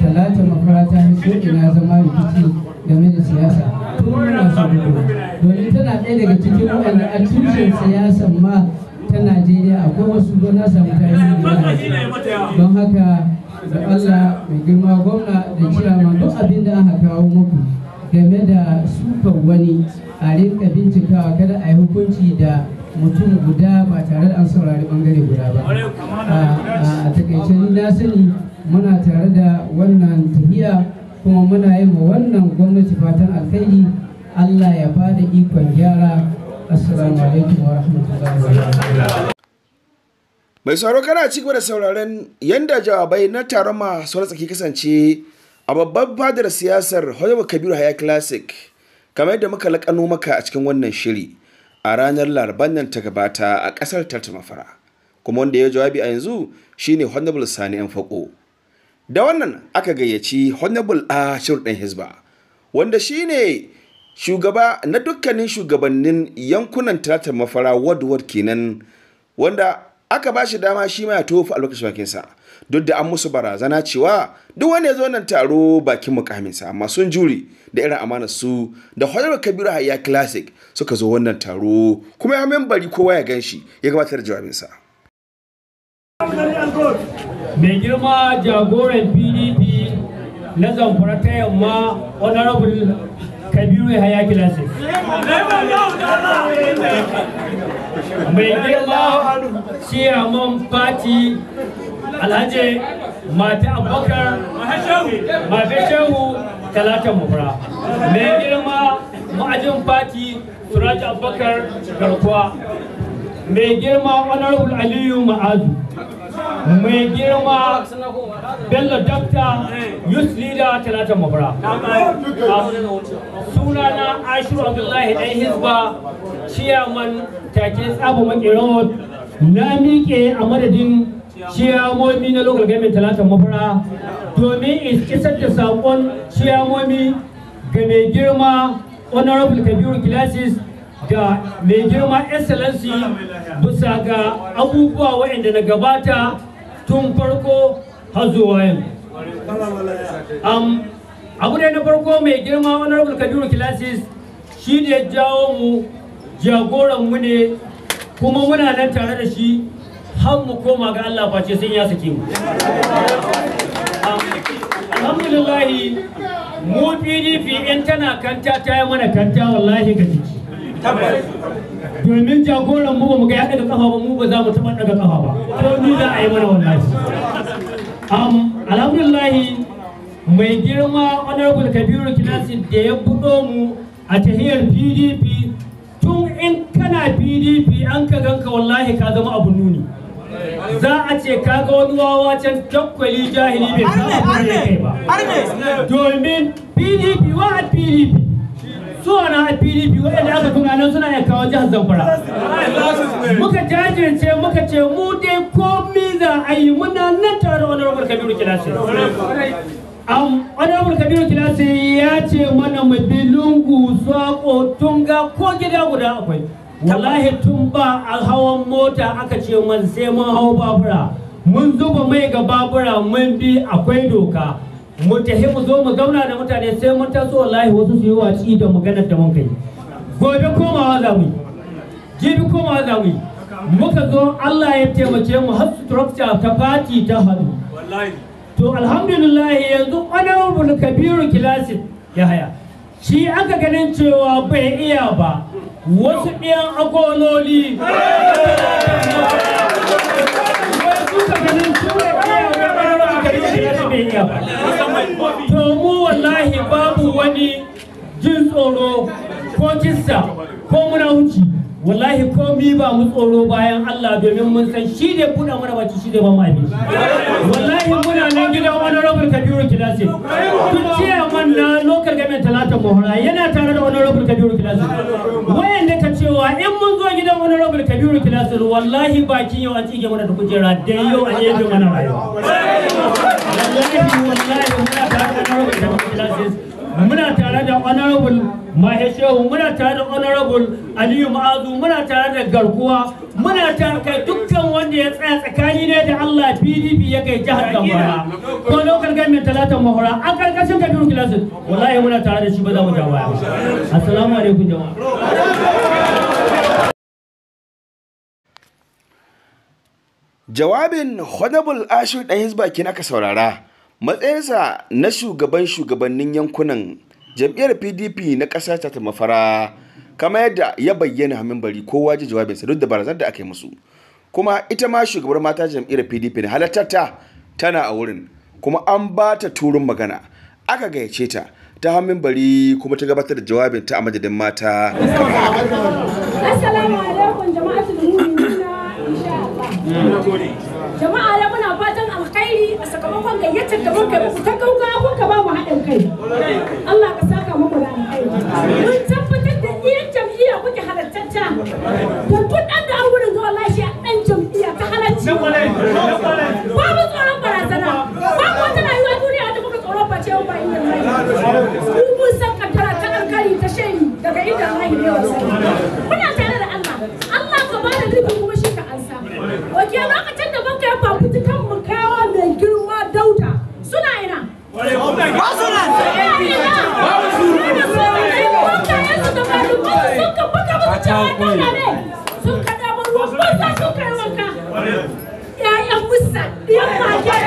talata mafara ta yi ina zama rikici game da siyasa tun muna so domin tana ɗaya daga cikin waɗanda a tushen siyasan ma ta najeriya akwai wasu gona samu tarihi don haka da Allah mai girma gwamna da ciyama duk abin da aka kawo muku game da sukan wani a rinka bincikawa kada a yi hukunci da mutum guda ba tare da an saurari bangare guda ba a takaice na sani muna tare da wannan tahiya kuma muna yi wa wannan gwamnati fatan alkhairi Allah ya bada ikon gyara assalamu alaikum wa rahmatullahi wa barakatuh
mai tsaro kana ci gaba da sauraron yanda jawabai na taron masu tsaki kasance a babban fadar siyasar hajjaba kabiru haya classic kamar yadda muka lakano maka a cikin wannan shiri a ranar laraban nan ta gabata a kasar Mafara, kuma wanda ya jawabi a yanzu shine honorable sani yan fako da wannan aka gayyaci honorable a shirɗin hizba wanda shine shugaba na dukkanin shugabannin yankunan talatar mafara ward kenan wanda aka ba shi dama shi ma ya tofa a lokacin bakinsa duk da an musu barazana cewa duk wanda ya zo nan taro bakin mukaminsa amma sun juri da irin amanar su da hoyar kabiru hayya classic suka zo wannan taro kuma ya membari kowa ya gan shi ya gabatar da jawabinsa
mai girma jagoran pdp na zamfara ta yamma honorable kabiru hayya classic mai girma ciyaman fati alhaji mata abubakar mafi shehu talata mubra mai girma ma'ajin fati suraj abubakar garkuwa mai girma honorable aliyu ma'azu mai girma bello dakta Yus leader talatan mabara sunana ashiru abdullahi dan Hisba, ciyaman take tsabo makero na miƙe a madadin ciyamomi na local government talatan mabara domin isar da saƙon ciyamomi ga mai girma honorable kabiru classes ga mai girma excellency bisa ga abubuwa waɗanda na gabata tun farko har abu da na farko mai girma honorable kabiru classes shi ne jawo mu jagoran mu ne kuma muna nan tare da shi har mu koma ga Allah face sun ya sake mu alhamdulillahi mu pdp in tana kanta ta yi mana kanta wallahi ga jiki domin jagoran mu ba mu ga daga kafa ba mu ba za mu taɓa daga kafa ba ko ni za a yi mana wallahi alhamdulillahi mai girma honorable kabiru kinasi da ya buɗo mu a tahiyar pdp tun in kana pdp an ka ganka wallahi ka zama abu nuni za a ce ka ga wani wawa can takwali jahili bai kama kai ba domin pdp wa pdp su na pdp waɗanda aka nan suna iya kawo jihar zamfara muka jajirce muka ce mu dai komi za a yi muna nan tare da honorable kabiru kilasi honorable kabiru kilasi ya ce mana mu bi lungu sako tunga ko gida guda akwai wallahi tun ba a hawan mota aka ce man sai mun hau babura mun zuba mai ga babura mun bi akwai doka mu tahi mu zo mu zauna da mutane sai mun taso wallahi wasu su yi watsi da maganar da mun kai gobe komawa za mu yi jibi komawa za mu yi muka zo Allah ya taimake mu har structure ta fati ta hadu to alhamdulillah yanzu honorable kabiru kilasi ya haya shi aka ganin cewa bai iya ba wasu ɗiyan akololi suka ganin cewa bai iya ba to mu wallahi babu wani jin tsoro ko kissa ko muna huci wallahi komi ba mu tsoro bayan Allah domin mun san shi ne buɗa mana baki shi ne ba mu abinci wallahi muna nan gidan honorable Kabiru Kilasi tun ciya man na local government Talata Mohora yana tare da honorable Kabiru Kilasi cewa in mun zo gidan wani rabul kabiru kilasir wallahi bakin yau a cike mana da kujera da yau a yebe mana rayuwa muna tare da honorable mahe muna tare da honorable aliyu ma'azu muna tare da garkuwa muna tare kai dukkan wanda ya tsaya tsakani ne da allah pdp ya kai jihar gambara ko lokal gamin talatan mahura a karkashin kabiru kilasin wallahi muna tare da shi ba za mu ja baya assalamu alaikum jama'a
jawabin honorable ashir dan hisba kenan aka saurara matsayinsa na shugaban shugabannin yankunan jam'iyyar pdp na ƙasa ta ta mafara kama yadda ya bayyana hamin bari kowa ji jawabinsa duk da barazan da aka yi musu kuma ita ma shugabar mata jam'iyyar pdp na halartarta tana a wurin kuma an ba ta turun magana aka gayyace ta ta hamin bari kuma ta gabatar da jawabinta a madadin mata
assalamu alaikum jama'atul jama'a la muna fatan alkhairi a sakamakon gayyatar da muka yi ta gauga kuka ba mu haɗin kai Allah ka saka muku da alkhairi mun tabbatar da iyan jam'iyya kuke halattacca da duk ɗan da an wurin zuwa lashe ɗan jam'iyya ta halacci ba mu tsoron barazana ba mu wata rayuwa duniya da muka tsoron face yau ba inda lai mun san kankara ta alkhairi ta shari daga inda lai ne wasu Sun kada ruwan banza sun kai wanka. Ya'yan musa, yan mage.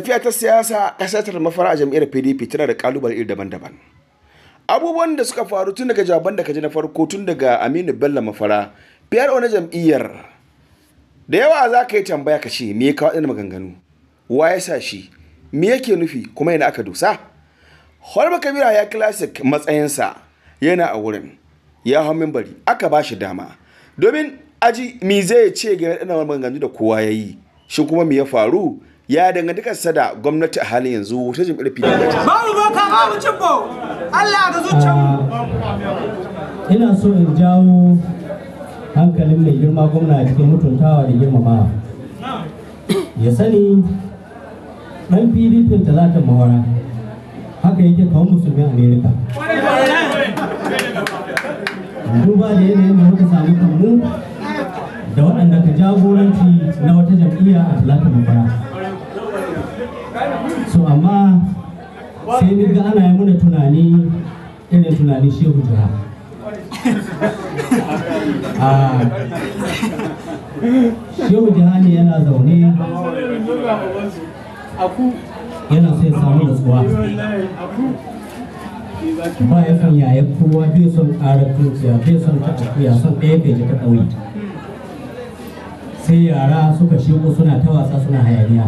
tafiya ta siyasa a ta mafara a jam'iyyar pdp tana da kalubale iri daban-daban abubuwan da suka faru tun daga jawaban da kaji na farko tun daga aminu bello mafara pro na jam'iyyar da yawa za ka yi tambaya ka ce me ya kawo ɗin maganganu wa ya sa shi me yake nufi kuma yana aka dosa holba kabira ya classic matsayinsa yana a wurin ya hau mimbari aka ba shi dama domin aji me zai ce ga ɗin maganganu da kowa ya yi shi kuma me ya faru ya dangantakarsa da gwamnati a halin yanzu ta jam'iyyar pdp ta babu
boka babu cibbo,
allah ga zuciyarmu ina so in jawo hankalin mai girma gwamna a cikin mutuntawa da girmama ya sani dan pdp ta za ta mawara haka yake kawo musulmi amerika duba da yanayin da muka samu kanmu da waɗanda ka jagoranci na wata jam'iyya a Talatin mabara so amma sai ni ga ana yi mana tunani irin tunani shehu jira ah. shehu jihani yana zaune yana sai samu nutsuwa ba ya son yaya kowa bai son ƙarar tuciya bai son ta akuya son ɗaya bai ta ƙauye sai yara suka shigo suna ta wasa suna hayaniya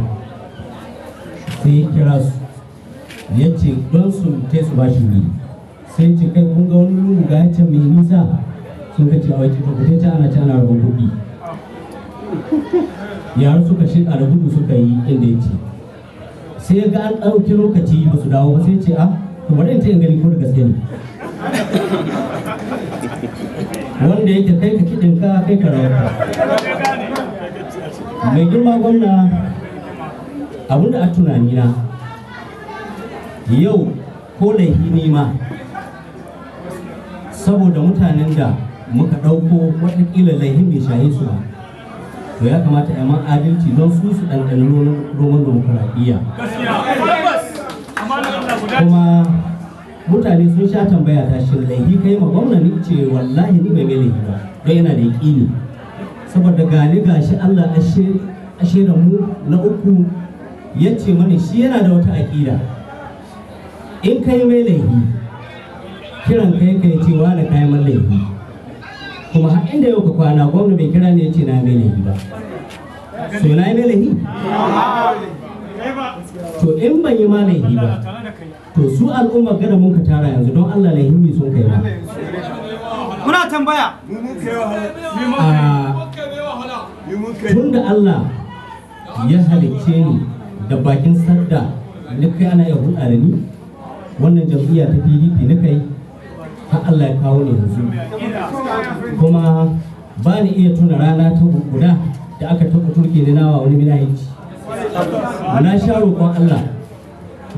sai ya kira su ya ce don su ce su bashi ne. sai ce kai kun ga wani lungu ga ya mai nisa sun ka ce a waje ka kuta ta ana ta ana rabon kuɗi yaran suka shi da gudu suka yi inda ya ce sai ga an ɗauki lokaci ba su dawo ba sai ce a ah, to bari in ta yin gani ko da gaske ne wanda yake kai ka kiɗin ka kai ka rawar mai girma gwamna abin da a tunanina yau ko laifi ma saboda mutanen da muka ɗauko watakila laifin bai shaye su ba to ya kamata a man adalci don su su ɗanɗani roman demokuraɗiyya kuma mutane sun sha tambaya ta shi laifi kai ma ni ce wallahi ni bai mai laifi ba don yana da yaƙini saboda gani gashi Allah ashe da mu na uku ya ce mani shi yana da wata aƙida in ka yi mai laifi kiran ka yanka ya ce da kayan mai laifi kuma har inda yau ka kwana gwamna bai kira ne ya ce na mai laifi ba so na yi mai laifi to in ban yi ma laifi ba to su al'ummar gada mun ka tara yanzu don allah laifi mai sun kai ba
muna tambaya ah, tun da
allah ya halicce ni da bakin sadda na kai ana iya wannan jam'iyya ta pdp na kai har allah ya kawo ne yanzu kuma ba ni iya tuna rana ta guda da aka taɓa turke ni nawa wani minahici na sha roƙon allah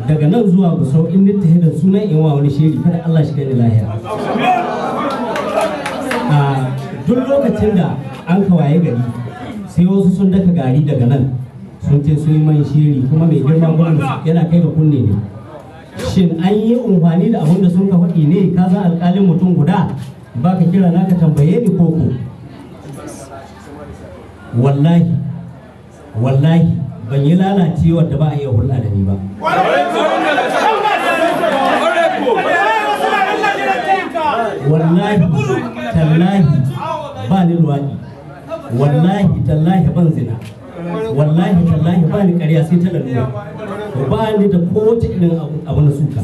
daga nan zuwa sau in ni tahe da sunan in wa wani shiri kada allah shiga ni lahira a ah, duk lokacin da an kawaye gari sai wasu sun daka gari daga nan sun ce sun yi man shiri kuma mai girman gwamnati yana kai ga kunne ne shin an yi umfani da abin da sun ka faɗi ne ka san alƙalin mutum guda ba ka kira na ka tambaye ni ko ko wallahi wallahi ban yi lalacewa da ba a iya hulɗa da ni ba
wallahi tallahi
ba ni luwaɗi wallahi tallahi ban zina wallahi tallahi ba ni ƙarya sai ta lalura ba ni da kowace irin abu na suka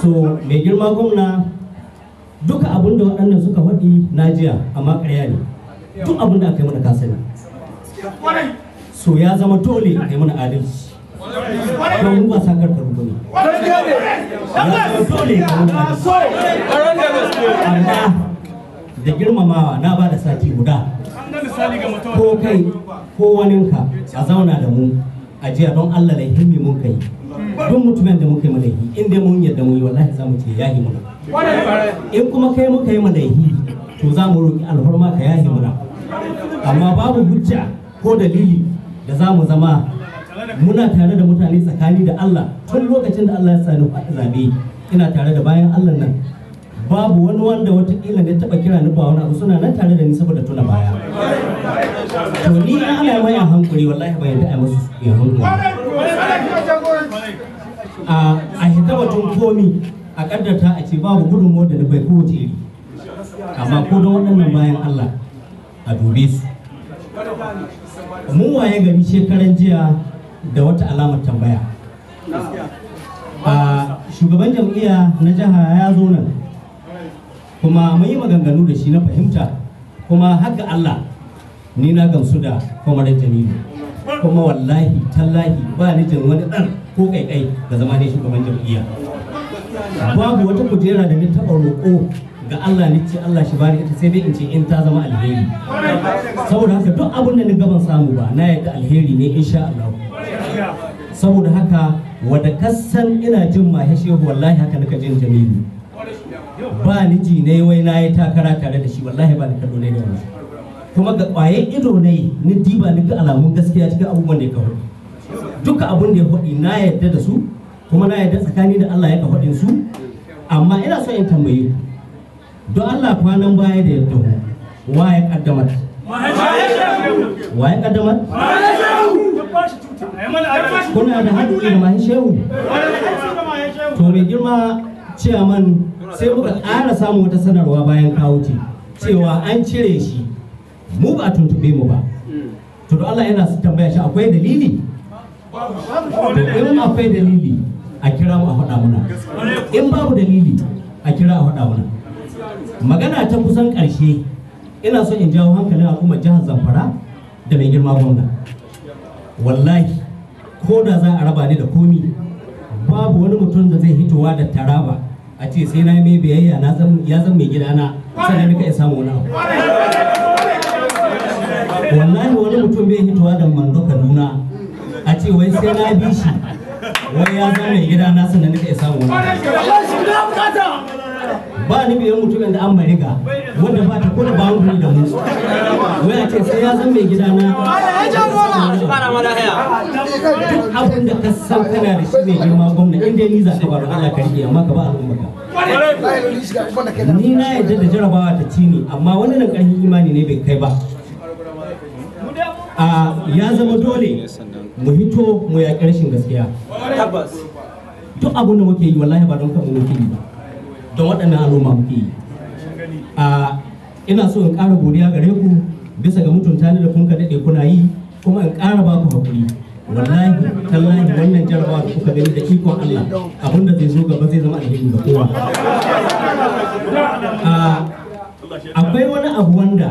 so mai girma gwamna duka abin da waɗannan suka faɗi na jiya amma ƙarya ne duk abin da aka yi mana kasani so ya zama dole a yi mana adalci don ba sa karkar ba ne
ya zama dole a yi adalci amma
da girmamawa na ba sati guda
ko
kai ko waninka a zauna da mu a jiya don Allah da hilmi mun kai don mutumin da muka yi malaihi in dai mun yadda mu yi wallahi za mu ce yahi muna in kuma kai muka yi malaihi to za mu roƙi alhorma ka yahi muna amma babu hujja ko dalili da za mu zama muna tare da mutane tsakani da Allah tun lokacin da Allah ya sani zabe ina tare da bayan Allah nan babu wani wanda watakila ne taba kira ni ba wani abu suna nan tare da ni saboda tuna baya to ni na ana mai a hankuri wallahi bai da ai musu ya hankuri a a hita batun komi a kaddata a ce babu gudunmuwar da bai kowace iri amma ko don waɗannan bayan Allah a dube su mun waye gari shekaran jiya da wata alamar tambaya a shugaban jam'iyya na jiha ya zo nan kuma mun yi maganganu da shi na fahimta kuma haka Allah ni na gamsu da kwamarar jamilu kuma wallahi tallahi ba ni jin wani dan ko kaikai da zama ne shugaban jam'iyya babu wata kujera da ni taɓa roƙo ga Allah ni ce Allah shi bani ita sai dai in ce in ta zama alheri saboda haka duk abin da ni gaban samu ba na yadda alheri ne insha Allah saboda haka wada kasan ina jin maheshehu wallahi haka nika jin jamilu ba miji ne wai na yi takara tare da shi wallahi ba ni kallo ne da wani kuma ga kwaye ido ne ni diba ni ga alamun gaskiya cikin abubuwan da ya kawo duka abun da ya faɗi na yadda da su kuma na yadda tsakani da Allah ya ka faɗin su amma ina so in tambaye don Allah kwanan baya da yadda wa ya kaddamar wa ya kaddamar kuna da haɗu da mahin shehu to mai girma ciyaman sai muka ƙara samu wata sanarwa bayan kawo ce cewa an cire shi mu ba tuntube mu ba hmm. to don Allah yana tambaya shi akwai dalili in akwai dalili a kira mu a faɗa muna in babu dalili a kira a faɗa muna magana ta kusan ƙarshe ina so in jawo hankalin al'ummar jihar zamfara da mai girma gwamna wallahi ko da za a raba ni da komi babu wani mutum da zai hitowa da taraba a ce sai na mai biyayya na ya zan mai gidana sannan nika ya samu wani abu wallahi wani mutum bai hitowa da mando kaduna a ce wai sai na bi shi wai ya zan mai gidana sannan nika ya samu wani abu ba ni biyan mutumin da an bariga wanda ba ta ko da boundary da mu wai a ce sai ya san mai gida na duk abin da ka san kana da shi mai girma gwamna in dai ni za ka ba Allah amma ka ba al'umma ka ni na yadda da jarabawa ta ci ne amma wani nan ƙarfin imani ne bai kai ba a ya zama dole mu hito mu yaƙi rashin gaskiya duk abin da muke yi wallahi ba don kan mu muke yi ba don waɗannan al'umma muke yi a ina so in ƙara godiya gare ku bisa ga mutunta ni da kun ka daɗe kuna yi kuma in ƙara ba ku haƙuri wallahi tallahi wannan jarabawa da kuka gani da ikon Allah abin da zai zo gaba zai zama alheri ga kowa akwai wani abu wanda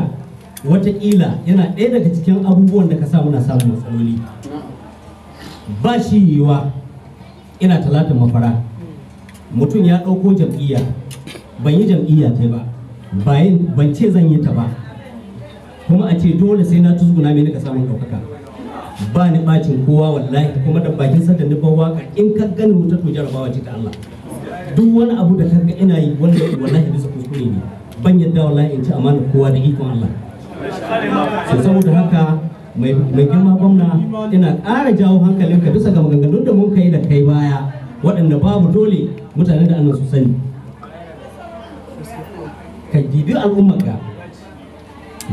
watakila yana ɗaya daga cikin abubuwan da ka sa muna samun matsaloli ba shi yiwa ina talatin mafara mutum ya ɗauko jam'iyya ban yi jam'iyya ta ba ban ce zan yi ta ba kuma a ce dole sai na tuzguna mai nika samun ɗaukaka ba ni bacin kowa wallahi kuma da bakin sanda ni ban waka in ka gani wuta to jarabawa ce ta Allah duk wani abu da kanka ina yi wanda wallahi bisa kuskure ne ban yadda wallahi in ci amana kowa da ikon Allah so saboda haka mai girma gwamna ina ƙara jawo hankalinka bisa ga maganganun da mun kai da kai baya waɗanda babu dole mutane da Allah su sani ka gibi al'ummar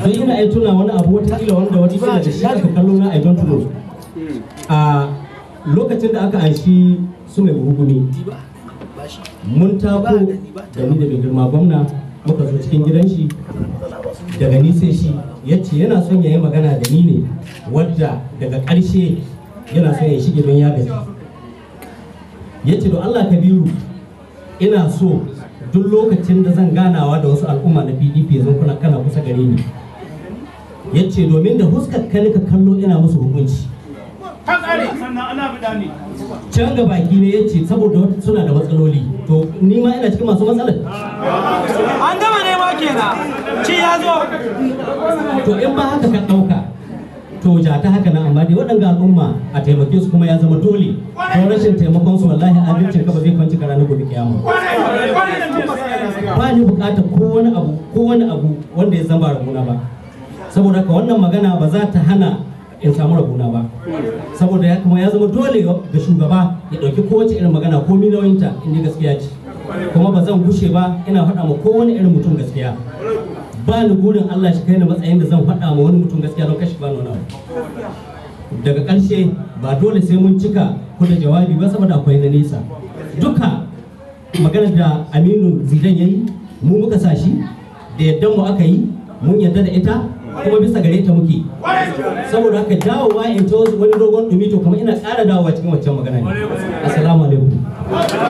Zai don na ai tuna wani abu wata kila wanda wata kila da shi ka kallo na ai don tuno a lokacin da aka anshi su mai hukumi mun tako da ni da mai girma gwamna muka zo cikin gidan shi daga ni sai shi ya ce yana son ya yi magana da ni ne wadda daga ƙarshe yana son ya shige don ya gaji ya ce don allah kabiru ina so duk lokacin da zan ganawa da wasu al'umma na pdp zan kuna kana kusa gare ni ya ce domin da huskar ka kallo ina musu hukunci can ga baki ne ya ce saboda suna da matsaloli to ni ma ina cikin masu matsalar an gama nema kenan ci ya zo to in ba haka ka ɗauka to ja ta haka nan amma dai waɗanda al'umma a taimake su kuma ya zama dole don rashin taimakon su wallahi a ka kaba zai kwanci karanu na gobe kiyama ba ni bukatar ko wani abu ko wani abu wanda ya zama rabuna ba saboda ka wannan magana ba za ta hana in samu rabuna ba saboda ya kuma ya zama dole ga shugaba ya ɗauki kowace irin magana ko nauyinta in gaskiya ce kuma ba zan gushe ba ina faɗa ma kowane irin mutum gaskiya ba ni burin Allah shi kai ni matsayin da zan faɗa ma wani mutum gaskiya don kashi bani wani daga ƙarshe ba dole sai mun cika ku da jawabi ba saboda akwai na nesa duka maganar da Aminu Zidan yayi mu muka sa shi da yaddan mu aka yi mun yadda da ita kuma bisa gare ta muke saboda haka dawowa in ta wani dogon dumi to kamar ina ƙara dawowa cikin waccan magana ne assalamu alaikum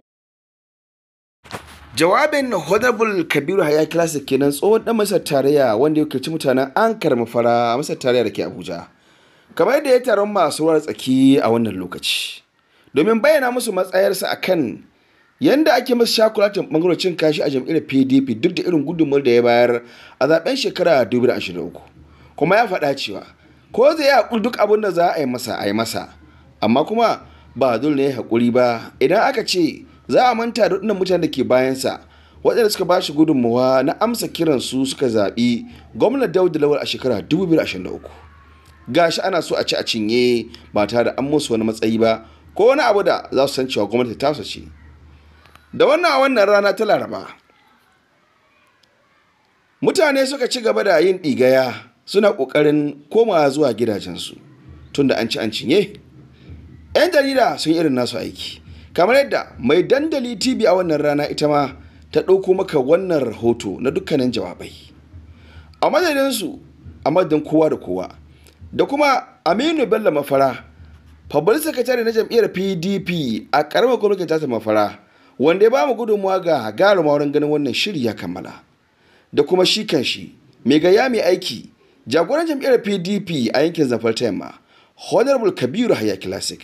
jawabin honorable kabiru haya classic kenan tsohon dan masar tarayya wanda ya kirci mutanen ankar mafara masar tarayya da ke abuja kamar yadda ya taron masu ruwar tsaki a wannan lokaci domin bayyana musu matsayarsa a kan yadda ake masu shakulatin bangarocin kashi a jam'iyyar pdp duk da irin gudunmawar da ya bayar a zaben shekara 2023 kuma ya faɗa cewa ko zai yi haƙuri duk abin da za a yi masa a yi masa amma kuma ba dole ne haƙuri ba idan aka ce za a manta da waɗannan mutanen da ke bayansa waɗanda suka bashi gudunmawa na amsa kiran su suka zaɓi gwamnan dauda Lawal a shekara 2023 gashi ana so a ci a cinye ba tare da an musu wani matsayi ba ko wani abu da za su san cewa gwamnati ta ce da wannan a wannan rana ta laraba mutane suka ci gaba da yin ɗigaya suna ƙoƙarin komawa zuwa gidajensu tunda an ci an cinye 'yan jarida sun irin nasu aiki kamar yadda mai dandali tv a wannan rana ita ma ta ɗauko maka wannan rahoto na dukkanin jawabai a madadinsu a madadin kowa da kowa da kuma aminu bello mafara babban sakatare na jam'iyyar pdp a ƙaramar gwamnatin ta mafara wanda ya ba mu gudunmuwa ga gara wurin ganin wannan shiri ya kammala da kuma shi kan shi mai gaya mai aiki jagoran jam'iyyar pdp a yankin zafar ta yamma honorable kabiru haya classic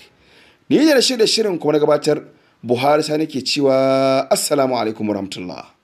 ni da shirin kuma na gabatar buhari sani ke cewa assalamu alaikum warahmatullahi